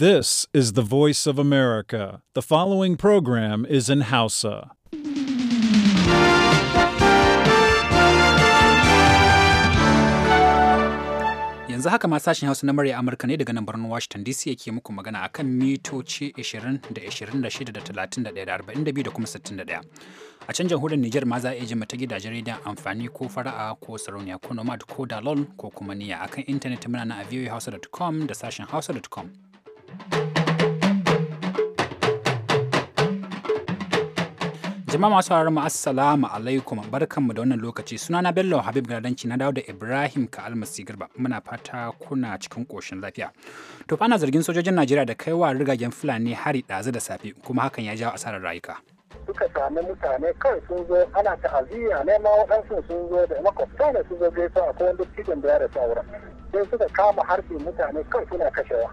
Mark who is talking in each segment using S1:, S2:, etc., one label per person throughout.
S1: This is the voice of America. The following program is in Hausa.
S2: Yanzu haka ma sashen Hausa na murya Amurka ne daga nan birnin Washington DC yake muku magana akan mitoci 20 da 26 da 31 da 42 da kuma 61. a can jamhuriyar Nijar ma za a iya ta gidajen rediyon amfani ko fara'a ko sarauniya ko nomad ko dalol ko kuma niya akan intanet muna na a voahausa.com da sashen hausa.com Jama'a masu sauraron mu assalamu alaikum barkanmu da wannan lokaci na Bello Habib Gardanci na dawo da Ibrahim ka almasi garba muna fata kuna cikin koshin lafiya. To fa ana zargin sojojin Najeriya da kaiwa rigagen Fulani hari ɗazu da safe kuma hakan ya jawo asarar rayuka.
S3: Suka sami mutane kawai sun zo ana ta'aziyya ne ma waɗansu sun zo da makwabta ne sun zo gaisa akwai wani cikin da ya rasa wurin. Sai suka kama harbi mutane kawai suna kashewa.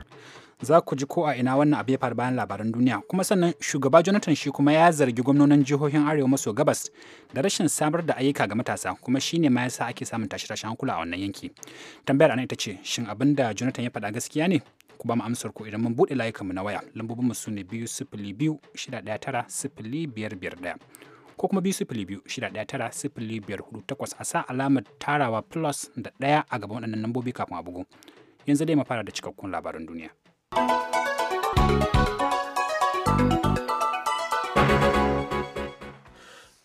S2: za ku ji ko a ina wannan abu ya faru bayan labaran duniya kuma sannan shugaba jonathan shi kuma ya zargi gwamnonin jihohin arewa maso gabas da rashin samar da ayyuka ga matasa kuma shi ne ma sa ake samun tashe-tashen hankula a wannan yanki tambayar ana ita ce shin abin da jonathan ya faɗa gaskiya ne ku ba mu amsar ku idan mun buɗe layukanmu na waya lambobin mu su ne biyu sifili biyu shida ɗaya tara sifili biyar biyar ɗaya ko kuma biyu sifili biyu shida ɗaya tara sifili biyar hudu takwas a sa alamar tarawa plus da ɗaya a gaban waɗannan lambobi kafin a bugu yanzu dai mu fara da cikakkun labaran duniya.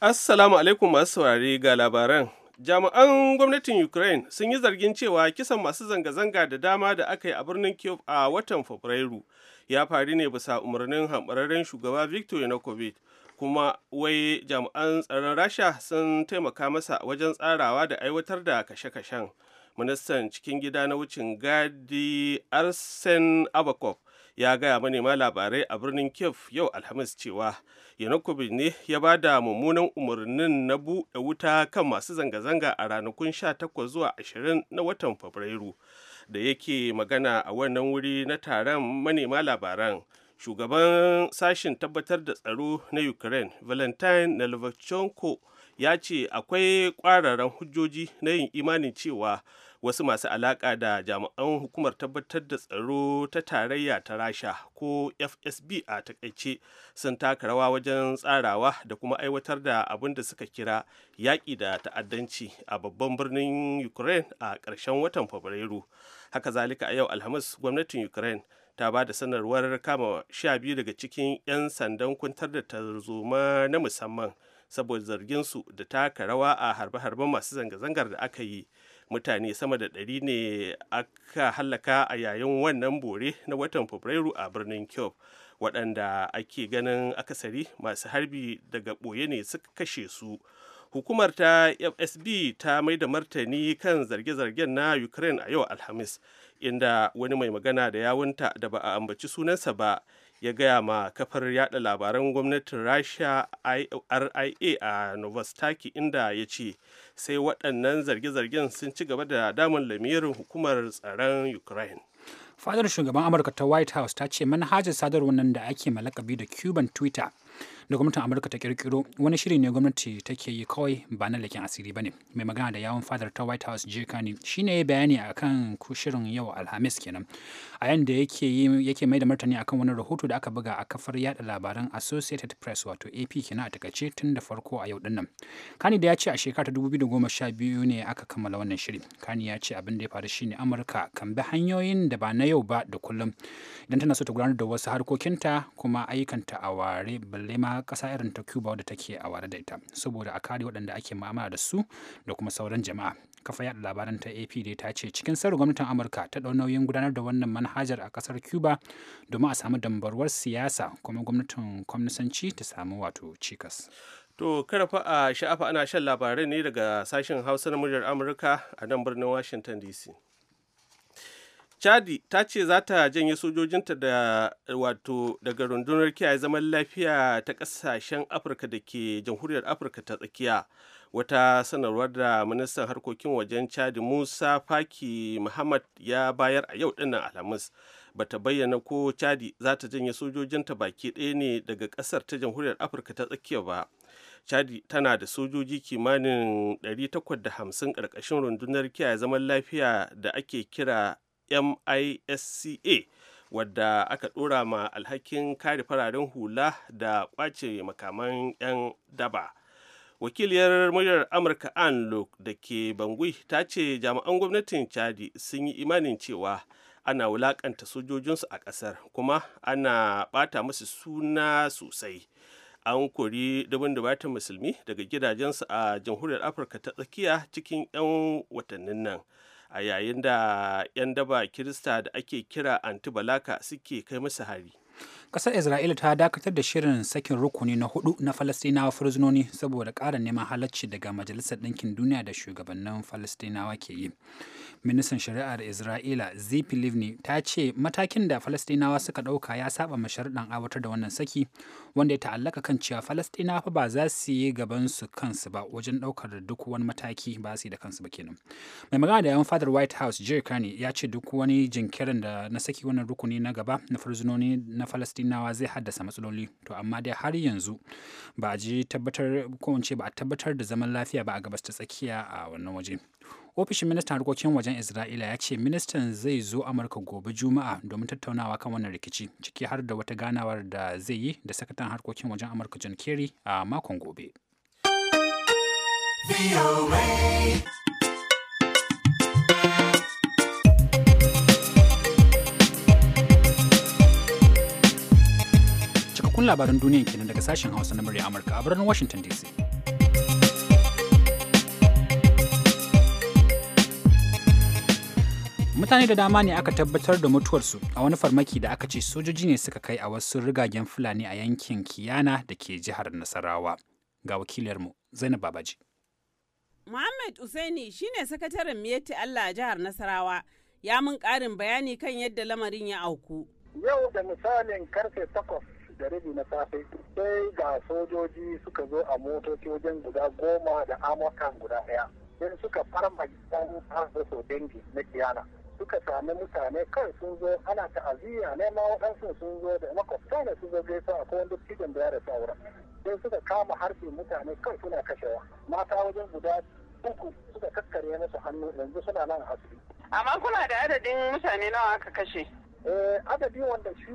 S4: Assalamu alaikum masu saurari ga labaran. Jami'an gwamnatin Ukraine sun yi zargin cewa kisan masu zanga-zanga da dama da aka yi a birnin Kyiv a watan Fabrairu ya faru ne bisa umarnin hamɓararren shugaba Victor Yanukovych kuma wai jami'an tsaron rasha sun taimaka masa wajen tsarawa da aiwatar da kashe-kashen ministan cikin gida na wucin gadi arsen abakov ya gaya manema labarai a birnin kiev yau alhamis cewa yanukovic ne ya ba da mummunan umarnin na buɗe wuta kan masu zanga-zanga a ranakun 18 zuwa 20 na watan fabrairu da yake magana a wannan wuri na taron manema labaran shugaban sashen tabbatar da tsaro na ukraine valentine nalvachenko ya ce akwai kwararan hujjoji na yin imanin cewa wasu masu alaka da jami'an hukumar tabbatar da tsaro ta tarayya ta rasha ko fsb a takaice sun taka rawa wajen tsarawa da kuma aiwatar da abin da suka kira yaƙi da ta'addanci a babban birnin ukraine a ƙarshen watan fabrairu haka zalika a yau alhamis gwamnatin ukraine ta ba da sanarwar kama sha biyu daga cikin 'yan sandan kuntar da tarzoma na musamman saboda zarginsu da taka rawa a harbe-harben masu zanga-zangar da aka yi mutane sama da ɗari ne aka hallaka a yayin wannan bore na watan fabrairu a birnin kyob waɗanda ake ganin akasari masu harbi daga ɓoye ne suka kashe su hukumar ta fsb ta mai da martani kan zarge-zargen na ukraine a yau alhamis inda wani mai magana da yawunta da ba a ambaci sunansa ba ya gaya ma kafar yada labaran gwamnatin rasha ria a novostaki inda ya ce sai waɗannan zarge-zargen sun ci gaba da damar lamirin hukumar tsaron ukraine
S2: fadar shugaban amurka ta white house ta ce manhajar sadarwar nan da ake malakabi da cuban twitter da gwamnatin amurka ta kirkiro wani shiri ne gwamnati take yi kawai ba na leken asiri ba ne mai magana da yawon fadar ta white house jay shi shine ya bayani kan shirin yau alhamis kenan a yanda da yake mai da martani akan wani rahoto da aka buga a kafar yada labaran associated press wato ap kenan a takaice tun da farko a yau din nan kani da ya ce a shekara ta biyu ne aka kammala wannan shiri kani ya ce abin da ya faru shine amurka kan bi hanyoyin da ba na yau ba da kullum idan tana so ta gudanar da wasu harkokinta kuma ayyukanta a ware balle ma ƙasa irin ta Cuba wadda take a ware da ita saboda a kare waɗanda ake ma'amala da su da kuma sauran jama'a. Kafa yaɗa labaran ta AP dai ta ce cikin sauran gwamnatin Amurka ta ɗau nauyin gudanar da wannan manhajar a ƙasar Cuba domin a samu dambarwar siyasa kuma gwamnatin kwamnisanci ta samu wato cikas.
S4: To kada fa a sha'afa ana shan labarai ne daga sashen Hausa na muryar Amurka a nan birnin Washington DC. chadi ta ce za ta janye sojojinta da wato daga rundunar kiyaye zaman lafiya ta kasashen afirka da ke jamhuriyar afirka ta tsakiya wata sanarwar da ministan harkokin wajen chadi musa faki muhammad ya bayar a yau dinnan alhamis bata bayyana ko chadi za ta janye sojojinta baki ɗaya ne daga ƙasar ta jamhuriyar afirka ta tsakiya ba chadi tana da sojoji kimanin 850 ƙarƙashin rundunar kiyaye zaman lafiya da ake kira misca wadda aka ɗora ma alhakin kare fararen hula da kwace makaman 'yan daba wakiliyar muryar amurka ann luke da ke bangui ta ce jami'an gwamnatin chadi sun yi imanin cewa ana wulakanta sojojinsu a ƙasar kuma ana ɓata musu suna sosai an kori dubin dubatan musulmi daga gidajensu a jamhuriyar afirka ta tsakiya cikin 'yan watannin nan a yayin da 'yan daba kirista da ake kira antibalaka suke kai musu hari
S2: kasar Isra'ila ta dakatar da shirin sakin rukuni na hudu na Falastinawa fursunoni saboda ƙara neman halacci daga Majalisar Ɗinkin Duniya da shugabannin Falastinawa ke yi. Ministan Shari'ar Isra'ila zip Livni ta ce matakin da Falastinawa suka ɗauka ya saba masharuɗan aiwatar da wannan saki wanda ya ta'allaka kan cewa Falastinawa ba za su yi gaban su kansu ba wajen ɗaukar duk wani mataki ba su yi da kansu ba kenan. Mai magana da yawan fadar White House Jerry Carney ya ce duk wani jinkirin da na saki wannan rukuni na gaba na farzinoni na Falastinawa Falasɗinawa zai haddasa matsaloli. To amma dai har yanzu ba a ji tabbatar ko ba a tabbatar da zaman lafiya ba a gabas ta tsakiya a wannan waje. ofishin ministan harkokin wajen isra'ila ya ce ministan zai zo amurka gobe juma'a domin tattaunawa kan wannan rikici ciki har da wata ganawar da zai yi da sakatan harkokin wajen amurka john kerry a makon gobe cikakkun labaran duniya kenan daga sashen Hausa na murya Amurka a birnin Washington DC. Mutane da dama ne aka tabbatar da mutuwarsu a wani farmaki da aka ce sojoji ne suka kai a wasu rigagen Fulani a yankin Kiyana da ke jihar Nasarawa. Ga wakilarmu Zainab Babaji.
S1: Muhammad Usaini shi ne sakataren miyatti Allah a jihar Nasarawa ya mun karin bayani kan yadda lamarin ya auku.
S3: Yau da misalin karfe takwas da rabi na safe sai ga sojoji suka zo a motoci wajen guda goma da amurkan guda daya sai suka farma gidan har sau dangi na kiyana suka sami mutane kan sun zo ana ta'aziyya ne ma waɗansu sun zo da makwabta ne sun zo gaisuwa akwai wani cikin da ya da sauran sai suka kama harbi mutane kan suna kashewa mata wajen guda uku suka kakkare musu hannu yanzu suna nan asibiti. amma kuna da adadin mutane nawa aka kashe Eh, adadin wanda shi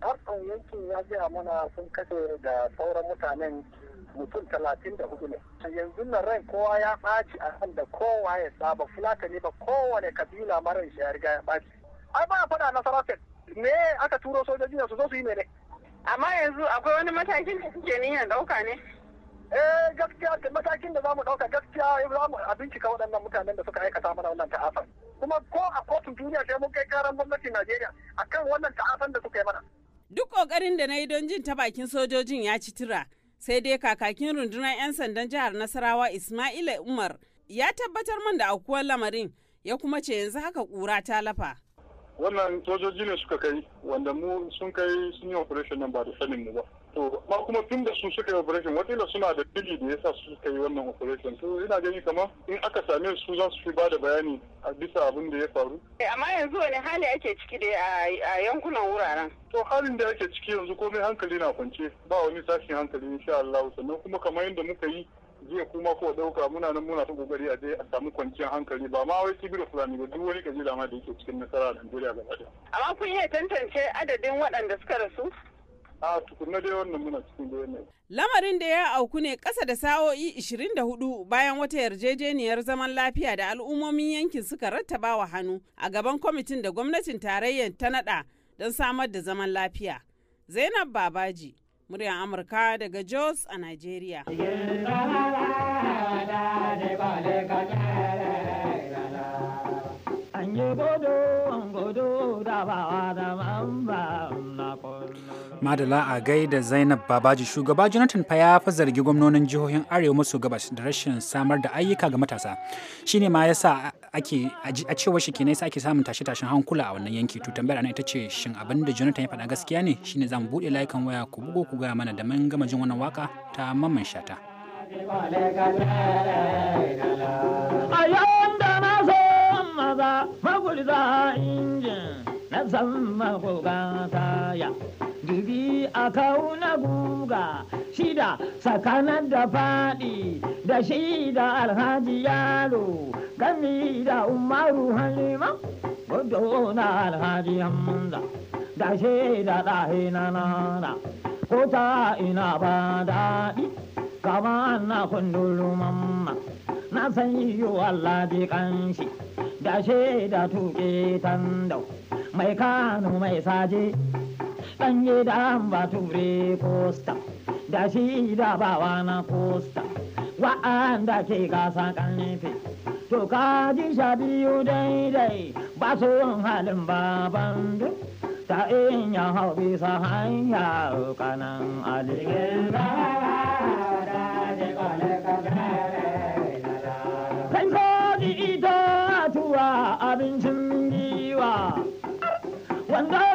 S3: harkan yankin ya gaya mana sun kashe da sauran mutanen mutum talatin da hudu ne yanzu na ran kowa ya ɓaci a kan da kowa ya saba fulata ne ba kowane kabila maran shi ya riga ya ɓaci ai ba a faɗa na sarafet me aka turo sojoji su zo su yi mene amma yanzu akwai wani matakin da suke niyan ɗauka ne eh gaskiya matakin da zamu dauka gaskiya eh, za mu bincika waɗannan mutanen da suka aikata
S1: mana wannan ta'afan kuma ko a kotun duniya sai mun kai karan gwamnatin Najeriya akan wannan ta'afan da suka yi mana duk kokarin da na yi don jin ta bakin sojojin ya ci tura sai dai kakakin rundunar 'yan sandan jihar Nasarawa Ismaila Umar ya tabbatar min da aukuwar lamarin ya kuma ce yanzu haka kura ta lafa
S3: wannan sojoji ne suka kai wanda mu sun kai sun yi operation nan ba da sanin mu ba to amma kuma tun da su suka yi operation watakila suna da fili da yasa su suka yi wannan operation to ina gani kamar in aka same su za su fi ba da bayani a bisa abin da ya faru eh, amma yanzu wani hali ake ciki da a yankunan wuraren to halin da ake ciki yanzu komai hankali na kwance ba wani tashin hankali insha Allah sannan kuma kamar yadda muka yi jiya kuma ko dauka muna nan muna ta kokari a je a samu kwanciyar hankali ba ma wai tibiru fulani ba duk wani kabila ma da yake cikin nasara a Najeriya gaba daya
S1: amma kun iya tantance adadin waɗanda suka rasu a tukunna dai wannan muna cikin da yanayi. Lamarin da ya auku ne ƙasa da sa'o'i 24 bayan wata yarjejeniyar zaman lafiya da al'ummomin yankin suka rattaba wa hannu a gaban kwamitin da gwamnatin tarayyar ta naɗa don samar da zaman lafiya. Zainab Babaji, muryar Amurka daga Jos a Najeriya.
S2: An yi godo, an godo,
S1: da ba da
S2: Madala a gaida Zainab Babaji shugaba Jonathan fa ya fa zargi gwamnonin jihohin Arewa maso gabas da rashin samar da ayyuka ga matasa. Shine ma sa ake a cewa shi kenan ake samun tashe-tashen hankula a wannan yanki. To tambayar ana ita ce shin abin da Jonathan ya faɗa gaskiya ne? shi Shine zamu buɗe layukan waya ku bugo ku ga mana da mun gama jin wannan waka ta mamman shata.
S1: da mazo maza na zama ya. dubi a kauna guga shida sakanar da faɗi da shida alhaji yaro gami da umaru halima gudu na alhaji yamma da shida ɗahe na nana ko ta ina ba daɗi kama na kundulu mamma na san yiwu Allah bi kanshi da shida tuke tando mai kano mai saje dan yi da ba ture posta da shi da bawa na posta wa'anda ke gasa karfe to ka ji sha biyu daidai ba su halin baban duk ta in ya hau bisa hanya kanan alikin ita tuwa abincin giwa wanda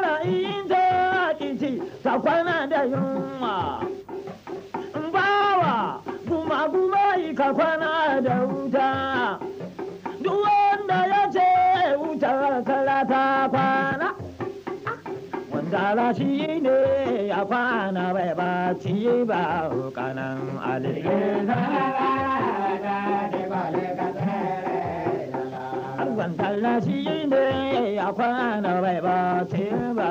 S1: ka kwana da yunwa bawa guma guma yi ka kwana da wuta duk wanda ya ce wuta kala ta kwana wanda rashi ne ya kwana bai ba ci ba kanan alilin kwantar na shi ne ya kwana bai ba ce ba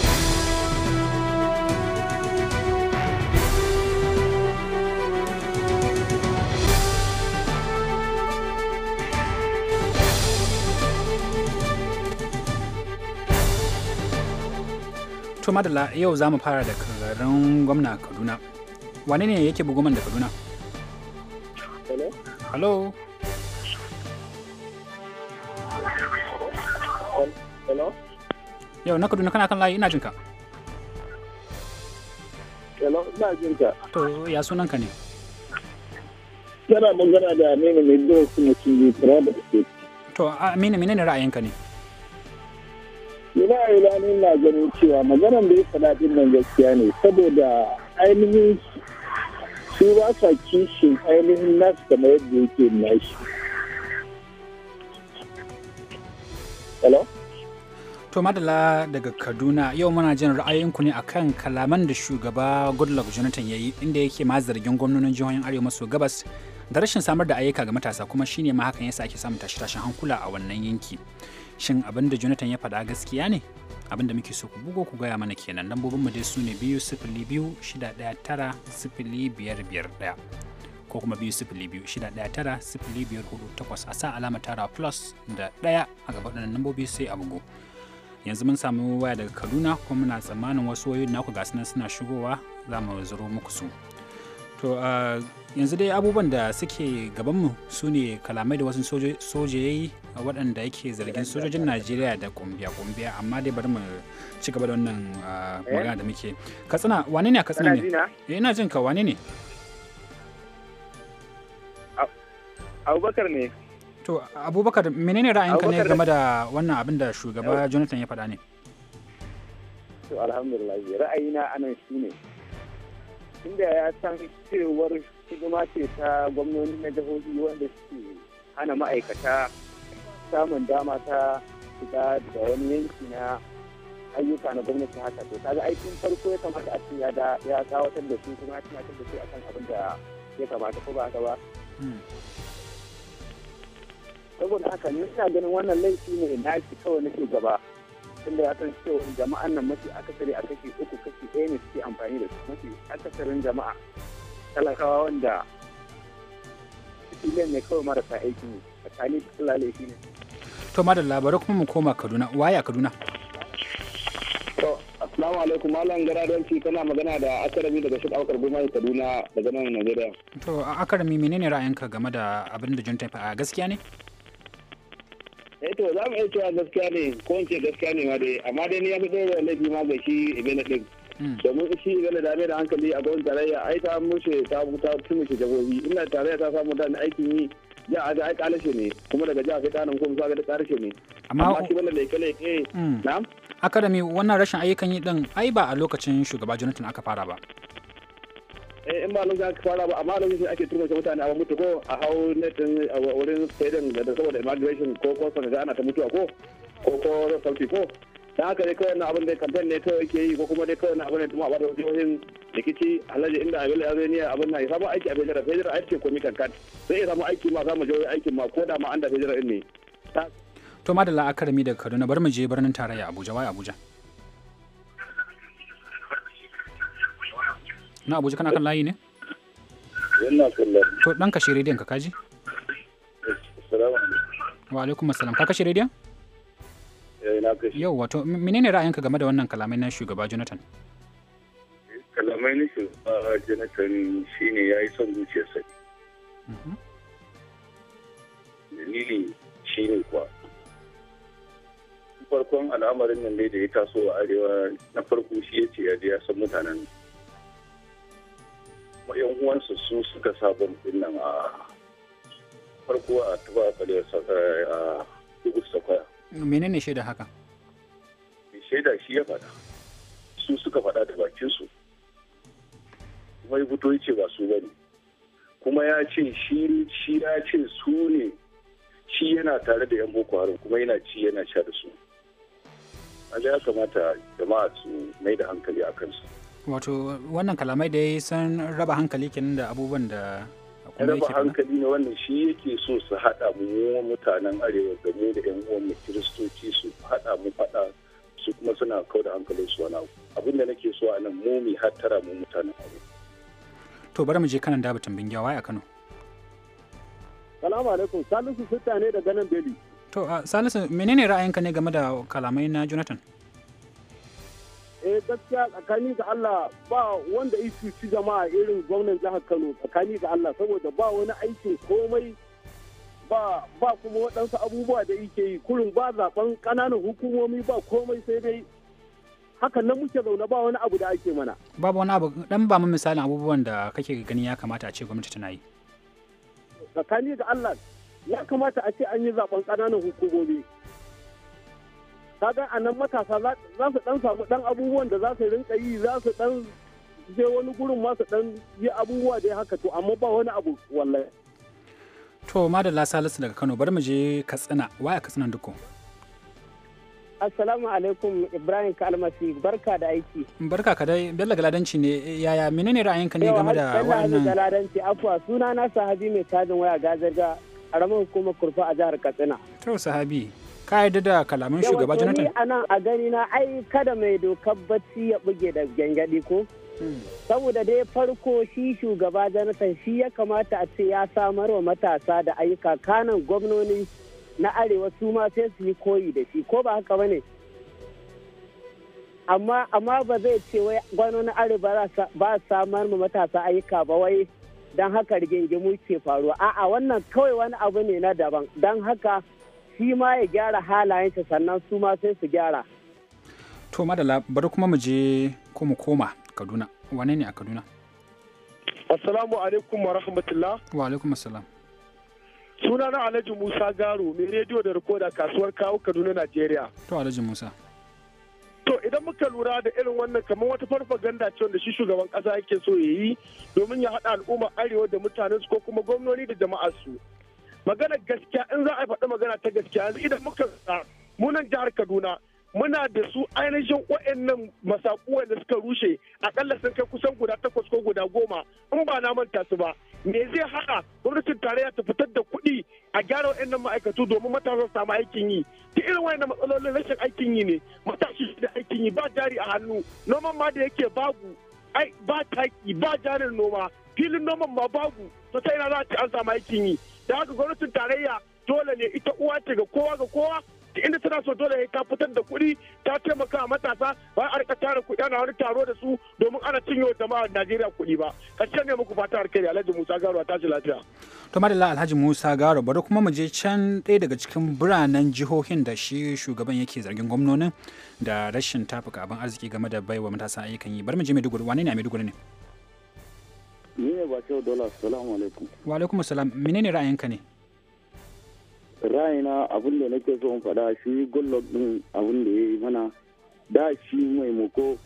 S2: to madalla yau za mu fara da kararin gwamna kaduna wane ne yake bugoman da kaduna hello hello yau na kaduna kana kan layi ina jinka
S5: hello ina jinka
S2: to ya sunan ka ne Yana
S5: magana da aminu mai dole su mutum ne
S2: to aminu menene ra'ayinka ne
S5: ina ilanin
S2: na ganin cewa maganar da ya faɗa ɗin nan gaskiya ne
S5: saboda ainihin su ba sa kishin ainihin nasu kamar yadda yake nashi. Hello?
S2: To madala daga Kaduna yau muna jin ra'ayinku ne akan kalaman da shugaba Goodluck Jonathan ya yi inda yake ma zargin gwamnonin jihohin Arewa maso gabas da rashin samar da ayyuka ga matasa kuma shine ma hakan yasa ake samun tashi-tashin hankula a wannan yanki. shin abin da jonathan ya faɗa gaskiya ne abin da muke so ku bugo ku gaya mana kenan lambobinmu dai su ne biyu sifili biyu shida ɗaya tara sifili biyar biyar ɗaya ko kuma biyu sifili biyu shida ɗaya tara sifili biyar hudu takwas a sa alama tara plus da ɗaya a gaba ɗanan lambobi sai a bugo yanzu mun samu waya daga kaduna kuma muna tsammanin wasu wayoyin naku ga suna shigowa za mu zuro muku su to yanzu dai abubuwan da suke gabanmu su ne kalamai da wasu sojoji waɗanda yake zargin sojojin najeriya da kumbiya-kumbiya amma dai bari mu ci gaba da wannan eh? magana da muke katsina wane ne a katsina ne eh, ina jin ka wane ne
S5: abubakar ne
S2: to abubakar menene ra'ayinka ne game da wannan abin da shugaba jonathan ya faɗa ne
S5: to alhamdulillah ra'ayina anan tunda ya san cewar hidima ce ta gwamnoni na jihohi wanda suke hana ma'aikata samun dama ta shiga da wani yanki na ayyuka na gwamnati haka to kaga aikin farko ya kamata a ce ya da ya da su kuma ya tunatar da su akan abin da ya kamata ko ba haka ba hmm. saboda haka ne ina ganin wannan laifi ne na shi kawai nake gaba tunda ya san cewa jama'an nan mafi akasari a kashi uku kashi ɗaya ne suke amfani da su mafi akasarin jama'a talakawa wanda filin ne kawai marasa aiki ne tsali Allah shi ne.
S2: To da labarai kuma mu koma Kaduna waya Kaduna.
S3: To asalamu alaikum Malam ci kana magana da Akarami daga ɗaukar Aukar da Kaduna daga nan Najeriya.
S2: To Akarami menene ra'ayinka game da abin da jinta a gaskiya ne?
S5: eto eh za mu iya cewa gaskiya ne ko ce gaskiya ne ma dai amma dai ni ya fi da laifi ma ga shi ibina ɗin hmm. domin shi ibina da da hankali a gwamnatin tarayya ai ta mushe ta mushe jagobi ina tarayya ta samu da aikin yi ya a ga ai kalashe ne kuma daga jiha sai kanin kuma ga da kalashe ne amma shi wannan leke eh
S2: na'am akadami wannan rashin ayyukan yi din ai ba a lokacin shugaba Jonathan aka fara ba
S5: Eh, in ba lokacin aka fara ba amma lokacin ake turmace mutane a mutu ko a hau netin a wurin stadium da saboda immigration ko ko ga ana ta mutuwa ko ko ko sauti ko da haka dai kawai na abin da kamfen ne kawai ke yi ko kuma dai kawai na abin da kuma abin da wajen rikici alhaji inda a ya zai niyyar abin na ya samu aiki a da fejira aiki ko mikan kat sai ya samu aiki ma za mu jawo aikin ma ko da ma an da in ne.
S2: to madalla karami daga kaduna bari mu je birnin tarayya abuja wai abuja. na abuja kana kan layi ne yana kan to dan kashe rediyon ka kaji wa alaikum assalam ka kashe rediyon eh, yau wato menene ra'ayinka game da wannan kalamai na shugaba jonathan
S5: eh, kalamai na shugaba jonathan shi ne ya yi son zuciya sai mhm. dalili shi ne kuwa farkon al'amarin nan ne da ya taso a arewa na farko shi ya ce ya je ya san mutanen yan uwansu su suka sa bom din nan a farko a tuba a kare eh, a dubu sakwaya
S2: menene shaida haka
S5: shaida shi ya faɗa su suka faɗa da bakinsu kuma ya fito ce ba su bane kuma ya ce shi shi ya ce su ne shi yana tare da yan boko haram kuma yana ci yana sha da su ya kamata jama'a su mai da hankali a kansu
S2: wato wannan kalamai da ya san raba hankali kenan da abubuwan da raba hankali
S5: ne wannan shi yake so su haɗa mu mutanen arewa game da yan uwan mu kiristoci su haɗa mu faɗa su kuma suna kau da hankalin su wani abu da nake so a nan mu mu hattara
S2: mu mutanen arewa to bari mu je kanan da batun bingiyawa a Kano
S6: salamu alaikum salisu sutta ne da ganin beli
S2: to salisu menene ra'ayinka ne game da kalamai na jonathan
S6: eh gaskiya tsakani ga Allah ba wanda ya cuci jama'a irin gwamnan jihar Kano tsakani ga Allah saboda ba wani aikin komai ba ba kuma waɗansu abubuwa da yake yi kurin ba zaben ƙananan hukumomi ba komai sai dai hakan nan muke zaune ba wani abu da ake mana babu
S2: wani abu dan ba mu misalin abubuwan da kake gani ya kamata a ce gwamnati tana yi
S6: tsakani ga Allah ya kamata a ce an yi zaben ƙananan hukumomi kaga a nan matasa za su dan samu dan abubuwan da za su rinka yi za su dan je wani gurin ma su dan yi abubuwa dai haka to amma ba wani abu wallahi
S2: to madalla salisu daga kano bari mu je katsina waya katsina duku
S5: assalamu alaikum ibrahim kalmasi barka da aiki
S2: barka ka dai bella galadanci ne eh, yaya menene ra'ayinka ne game da wannan
S5: galadanci afwa suna na sahabi mai tajin waya gazarga a ramar hukumar kurfa a jihar katsina
S2: to sahabi ka da kalaman shugaba jonathan
S5: a nan a gani na ai kada mai dokar bacci ya buge da gangadi ko hmm. saboda dai farko shi shugaba jonathan shi ya kamata a ce ya samar wa matasa da ayyuka kanan gwamnoni na arewa su ma sai su yi koyi da shi ko ba haka bane amma amma ba zai ce wai gwamnonin arewa ba samar ma matasa ayyuka ba wai don haka rigingimu ke faruwa a'a wannan kawai wani abu ne na daban don haka shi ma ya gyara halayensa sannan su ma sai su gyara.
S2: To madala bari kuma mu je ko mu koma Kaduna. Wane ne a Kaduna?
S6: Assalamu alaikum wa rahmatullah. Wa alaikum assalam. Suna na Alhaji Musa Garu, mai rediyo da rikoda kasuwar kawo Kaduna, Najeriya.
S2: To Alhaji Musa.
S6: To idan muka lura da irin wannan kamar wata farfaganda ce wanda shi shugaban kasa yake so ya yi domin ya haɗa al'ummar arewa da mutanensu ko kuma gwamnoni da jama'ar su. magana gaskiya in za a faɗi magana ta gaskiya idan muka munan jihar kaduna muna da su ainihin waɗannan masaku da suka rushe akalla sun kai kusan guda takwas ko guda goma in ba na manta su ba me zai haɗa gwamnatin tarayya ta fitar da kuɗi a gyara waɗannan ma'aikatu domin matasa su samu aikin yi ta irin waɗannan matsalolin rashin aikin yi ne matashi da aikin yi ba jari a hannu noman ma da yake babu ai ba taki ba jarin noma filin noman ma babu to ta ina za ta an samu aikin yi da haka gwamnatin tarayya dole ne ita uwa ce ga kowa ga kowa inda tana so dole ka fitar da kuɗi ta taimaka a matasa ba a rika tara kuɗi ana wani taro da su domin ana cinye jama'a Najeriya kuɗi ba kashe ne muku fata alkhairi Alhaji Musa Garo ta ji lafiya
S2: to madalla Alhaji Musa Garo bari kuma mu je can ɗaya daga cikin biranen jihohin da shi shugaban yake zargin gwamnonin da rashin tafuka abin arziki game da baiwa matasa ayyukan yi bari mu je Maiduguri wane ne a Maiduguri ne
S5: ni ne ba kyau dola assalamu alaikum
S2: wa alaikum assalam menene ra'ayinka ne
S5: ra'ayina abin da nake so in faɗa shi gullok din abin da ya yi mana da shi muko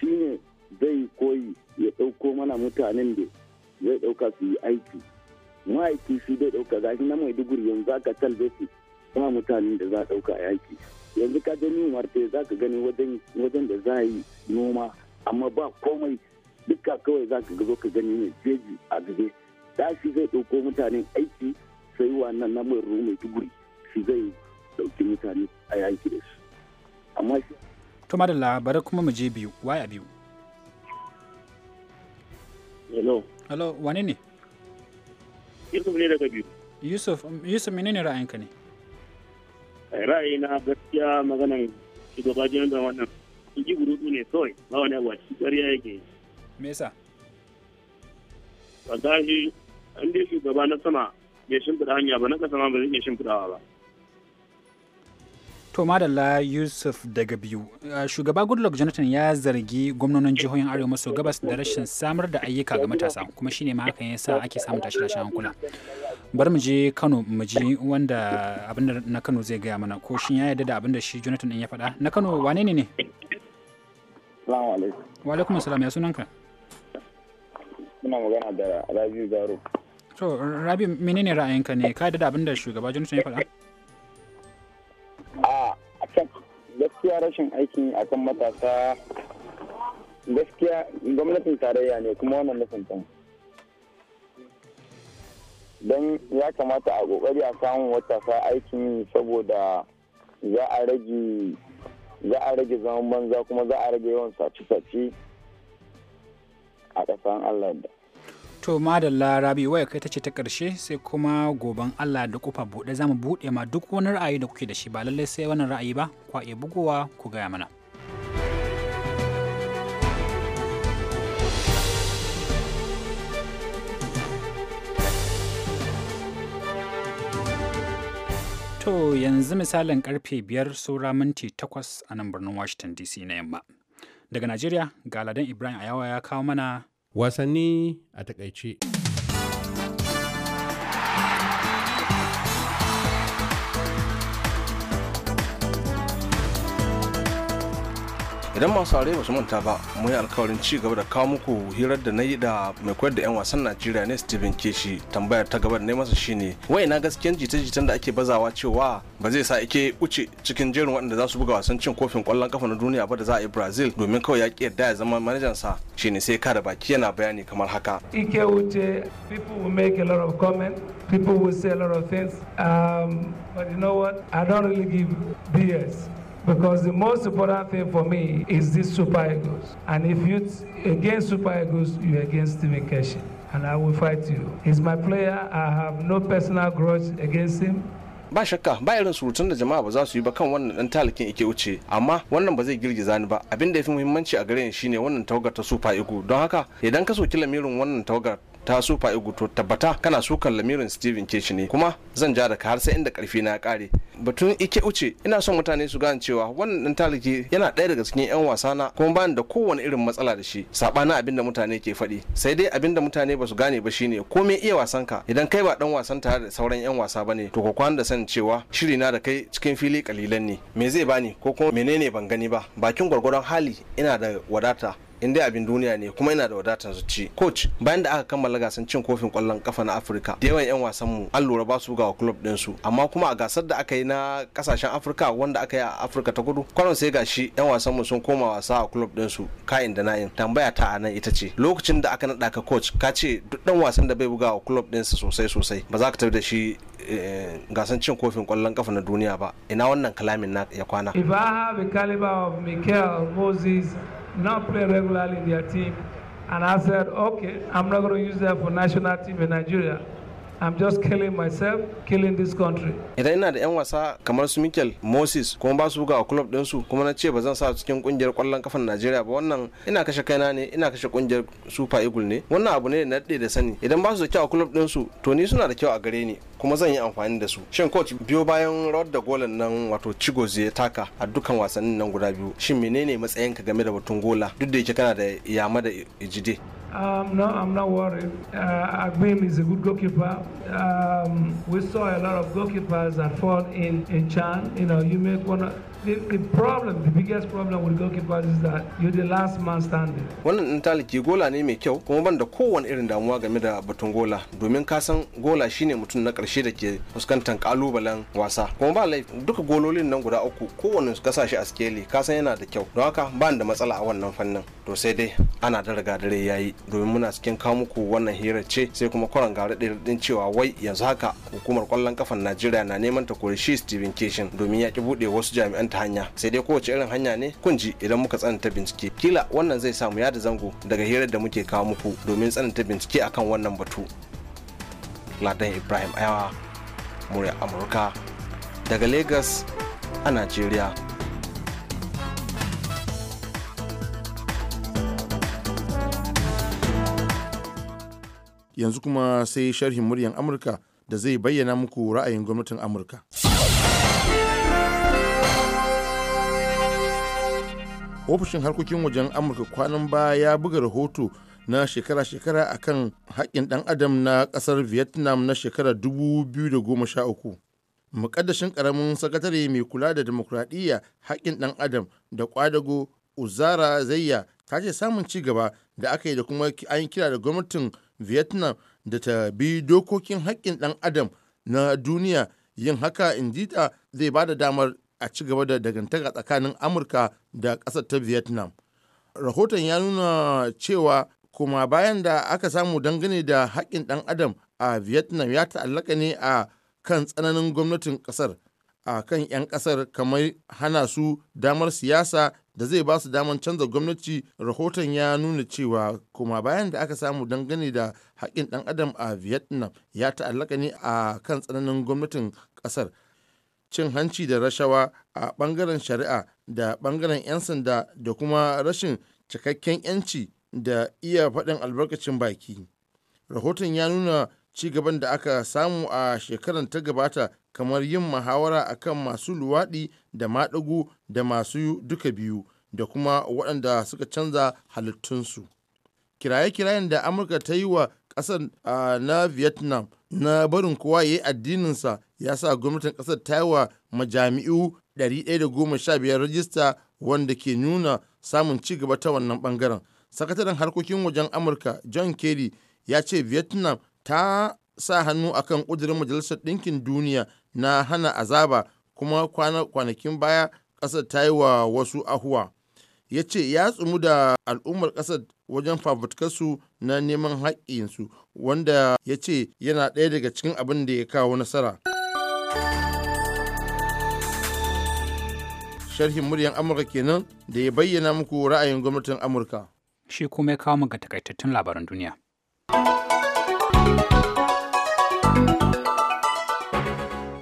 S5: shi ne zai koyi ya ɗauko mana mutanen da zai ɗauka su yi aiki ma'aiki shi zai ɗauka gashi na duguri yanzu aka talbe su ba mutanen da za a ɗauka aiki yanzu ka gani marta za ka gani wajen da za yi noma amma ba komai duka kawai za ka zo ka gani mai jeji a gaje da shi zai ɗauko mutanen aiki sai wannan na mai ruwa mai duguri shi zai dauki mutane a yanki da su
S2: amma shi to madalla bari kuma mu je biyu waya biyu hello hello wane ne yusuf ne daga biyu yusuf um, yusuf menene ra'ayinka ne ra'ayina gaskiya
S5: maganan shugaba jiran da wannan ji gurudu ne kawai ba wani abu shi ƙarya yake me yasa shi an dai shugaba na sama bai shimfiɗa hanya ba na ƙasa ma ba zai iya shimfiɗawa ba.
S2: To Madalla Yusuf daga biyu, uh, shugaba Goodluck Jonathan ya zargi gwamnonin jihohin Arewa maso gabas da rashin samar da ayyuka ga matasa kuma shine ma hakan yasa ake samun tashi tashin hankula. Bar mu je Kano mu ji wanda abinda na Kano zai gaya mana ko shin ya yarda da abinda shi Jonathan din ya faɗa? Na Kano wane ne ne? Wa alaikum salam ya sunanka?
S5: Muna magana da Rabiu Zaro.
S2: To, Rabi, menene ra'ayinka ne? Ka da abin da shugaba Jonathan ya faɗa?
S5: A, can gaskiya rashin aikin a kan matasa gaskiya gwamnatin tarayya ne kuma wannan nufin can. Don ya kamata a ƙoƙari a samun matasa aikin saboda za a rage za a rage zaman banza kuma za a rage yawan sace-sace a ƙasar Allah da.
S2: to madalla rabi waya kai ta ce ta karshe sai kuma goban allah da kufa buɗe zamu mu buɗe ma duk wani ra'ayi da kuke da shi ba lallai sai wannan ra'ayi ba kwa iya bugowa ku gaya mana To yanzu misalin karfe biyar saura minti takwas a nan birnin Washington DC na yamma. Daga Najeriya, galadan Ibrahim Ayawa ya kawo mana wasanni a takaice.
S7: idan masu aure ba su manta ba mu yi alkawarin ci gaba da kawo muku hirar da na yi da mai koyar da 'yan wasan najeriya ne stephen keshi tambayar ta gaba da masa shine wai na gaskiyan jita-jitan da ake bazawa cewa ba zai sa ike uce cikin jerin waɗanda za su buga wasan cin kofin kwallon kafa na duniya ba da za a yi brazil domin kawai ya yarda ya zama manajan sa shine sai ka da baki yana bayani kamar haka
S8: ike wuce people will make a lot of comments people will say a lot of things um, but you know what i don't really give bs Because the most important thing for me is this super egos. And if you're against super egos, you're against Stephen Keshi. And I will fight you. He's my player. I have no personal grudge against him.
S7: ba shakka ba irin surutun da jama'a ba za su yi ba kan wannan dan talakin ike wuce amma wannan ba zai girgiza ni ba abin da ya fi muhimmanci a gare ni shine wannan tawagar ta super ego don haka idan ka soki lamirin wannan tawagar ta sufa eguto tabbata kana sukan lamirin steven keshi ne kuma zan ja da ka har sai inda karfi na kare batun ike uce ina son mutane su gane cewa wannan dan taliki yana ɗaya daga cikin yan wasa na kuma bani da kowane irin matsala da shi sabana abin da mutane ke faɗi sai dai abinda mutane ba su gane ba shine komai iya wasan ka idan kai ba dan wasan tare da sauran yan wasa bane to ko kwana da sanin cewa shiri na da kai cikin fili kalilan ne me zai bani ko kuma menene ban gani ba bakin gwargwaron hali ina da wadata in dai abin duniya ne kuma ina da wadatar ci. coach bayan da aka kammala gasan cin kofin kwallon kafa na afirka da yawan yan wasan mu an lura ba su ga club din su amma kuma a gasar da aka yi na kasashen afirka wanda aka yi a afirka ta kudu kwaron sai gashi yan wasan mu sun koma wasa a club din su kain da na'in tambaya ta anan ita ce lokacin da aka naɗa ka coach ka ce duk dan wasan da bai buga wa club din su sosai sosai ba za ka tafi da shi eh, gasan cin kofin kwallon kafa na duniya ba ina wannan kalamin na ya kwana if
S8: i of michael moses not play regularly in their team. And I said, okay, I'm not going to use them for national team in Nigeria. I'm just killing myself, killing this country.
S7: Idan ina da 'yan wasa kamar su Mikel Moses kuma ba su buga a club su kuma na ce ba zan sa cikin kungiyar kwallon kafan Najeriya ba wannan ina kashe kaina ne ina kashe kungiyar Super Eagle ne wannan abu ne na da sani idan ba su da kyau a club su to ni suna da kyau a gare ni kuma zan yi amfani da su. Shin coach biyo bayan rawar da golan nan wato Chigozie ya taka a dukkan wasannin nan guda biyu shin menene matsayinka game da batun gola duk da yake kana da yama da ijide.
S8: no, I'm not worried. Uh, Agbim is a good goalkeeper. Um, we saw a lot of goalkeepers that fall in, in Chan. You know, you make one the, problem the biggest problem with goalkeepers is that you're the last man standing
S7: wannan din taliki gola ne mai kyau kuma ban da kowane irin damuwa game da batun gola domin ka san gola shine mutum na karshe da ke fuskantar kalubalen wasa kuma ba laifi duka gololin nan guda uku kowane kasashe a skeli ka san yana da kyau don haka ba da matsala a wannan fannin to sai dai ana da riga dare yayi domin muna cikin kawo muku wannan hirar ce sai kuma kwaran gare din cewa wai yanzu haka hukumar kwallon kafan Najeriya na neman ta kori shi Steven Kishin domin ya ki bude wasu jami'an ta hanya sai dai kowace irin hanya ne kun ji idan muka tsananta bincike kila wannan zai samu yada zango daga hirar da muke kawo muku domin tsananta bincike akan wannan batu ladan ibrahim ayawa murya amurka daga lagos a nigeria.
S9: yanzu kuma sai sharhin muryan amurka da zai bayyana muku ra'ayin gwamnatin amurka ofishin harkokin wajen amurka kwanan baya ya buga rahoto na shekara-shekara a kan haƙƙin ɗan adam na ƙasar vietnam na shekara 2013 muƙaddashin ƙaramin sakatare mai kula da demokuraɗiyya haƙƙin ɗan adam da ƙwadago uzara zayya ta ce samun ci gaba da aka yi da kuma an kira da gwamnatin vietnam da ta bi dokokin haƙƙin ɗan adam na duniya yin haka indita zai ba da damar a ci gaba da dangantaka tsakanin amurka da ƙasar ta vietnam rahoton ya nuna cewa kuma bayan da aka samu dangane da haƙƙin ɗan adam a vietnam ya ta'allaka ne a kan tsananin gwamnatin ƙasar a kan 'yan ƙasar kamar hana su damar siyasa da zai ba su damar canza gwamnati rahoton ya nuna cewa kuma bayan da aka samu dangane da haƙƙin ɗan adam a vietnam ya ta'allaka ne a kan tsananin gwamnatin ƙasar cin hanci da rashawa a ɓangaren shari'a da ɓangaren 'yan sanda da kuma rashin cikakken 'yanci da iya faɗin albarkacin baki rahoton ya nuna ci gaban da aka samu a shekarar ta gabata kamar yin muhawara akan masu luwaɗi da maɗagu da masu duka biyu da kuma waɗanda suka canza halittunsu kiraye-kirayen da amurka ta yi wa kasar na vietnam na barin kowa ya yi addininsa ya sa gwamnatin kasar ta wa majami'u 115 rajista wanda ke nuna samun ci gaba ta wannan bangaren sakataren harkokin wajen amurka john kerry ya ce vietnam ta sa hannu akan kudurin majalisar ɗinkin duniya na hana azaba kuma kwanakin baya ƙasar ta yi wa wasu ahuwa ya ce ya tsumu da al'ummar ƙasar wajen fafutukarsu na neman haƙƙinsu wanda ya ce yana ɗaya daga cikin abin da ya kawo nasara. sharhin muryan Amurka kenan da ya bayyana muku ra'ayin gwamnatin Amurka. Shi kuma ya kawo ga takaitattun labaran duniya.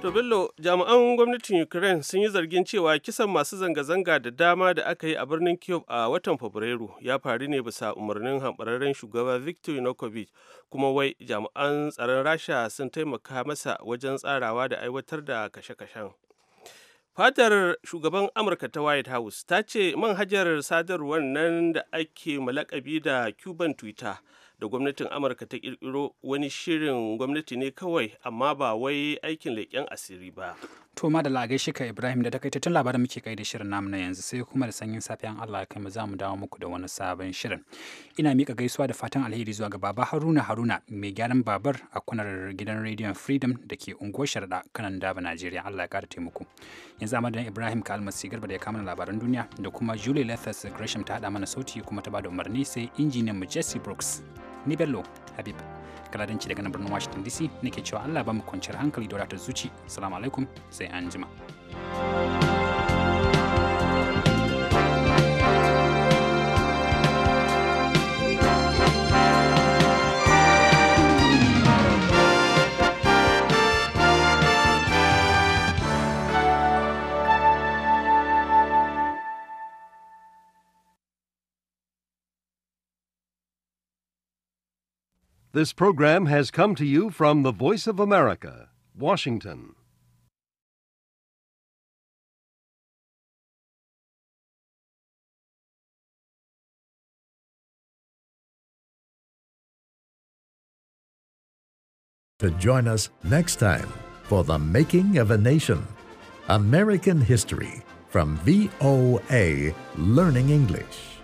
S4: To Bello, jami'an gwamnatin Ukraine sun yi zargin cewa kisan masu zanga-zanga da dama da aka yi a birnin Kyiv a watan Fabrairu ya faru ne bisa umarnin hamɓararren shugaba Viktor Yanukovych kuma wai jami'an tsaron Rasha sun taimaka masa wajen tsarawa da aiwatar da kashe-kashen. Fatar shugaban Amurka ta White House ta ce manhajar sadarwar nan da ake malakabi da Cuban Twitter da gwamnatin amurka ta kirkiro wani shirin gwamnati ne kawai amma ba wai aikin leƙen asiri ba
S2: To ma da lagai shi Ibrahim da takaitattun labarin muke kai da shirin namu na yanzu sai kuma da sanyin safiyan Allah kai mu za mu dawo muku da wani sabon shirin. Ina mika gaisuwa da fatan alheri zuwa ga Baba Haruna Haruna mai gyaran babar a kunar gidan Radio Freedom da ke unguwar Sharda kanan Daba Najeriya Allah ya kara taimako. Yanzu amma Ibrahim ka almasi garba da ya kama labaran duniya da kuma Julie lethers Gresham ta hada mana sauti kuma ta bada umarni sai injiniyan mu Jesse Brooks. Ni Bello Habib. kaladanci daga nan birnin washington dc nake cewa allah ba mu kwanciyar hankali da ta zuci salamu alaikum sai an jima.
S1: This program has come to you from the Voice of America,
S5: Washington.
S3: To join us next time
S1: for The Making of a Nation American History from VOA Learning English.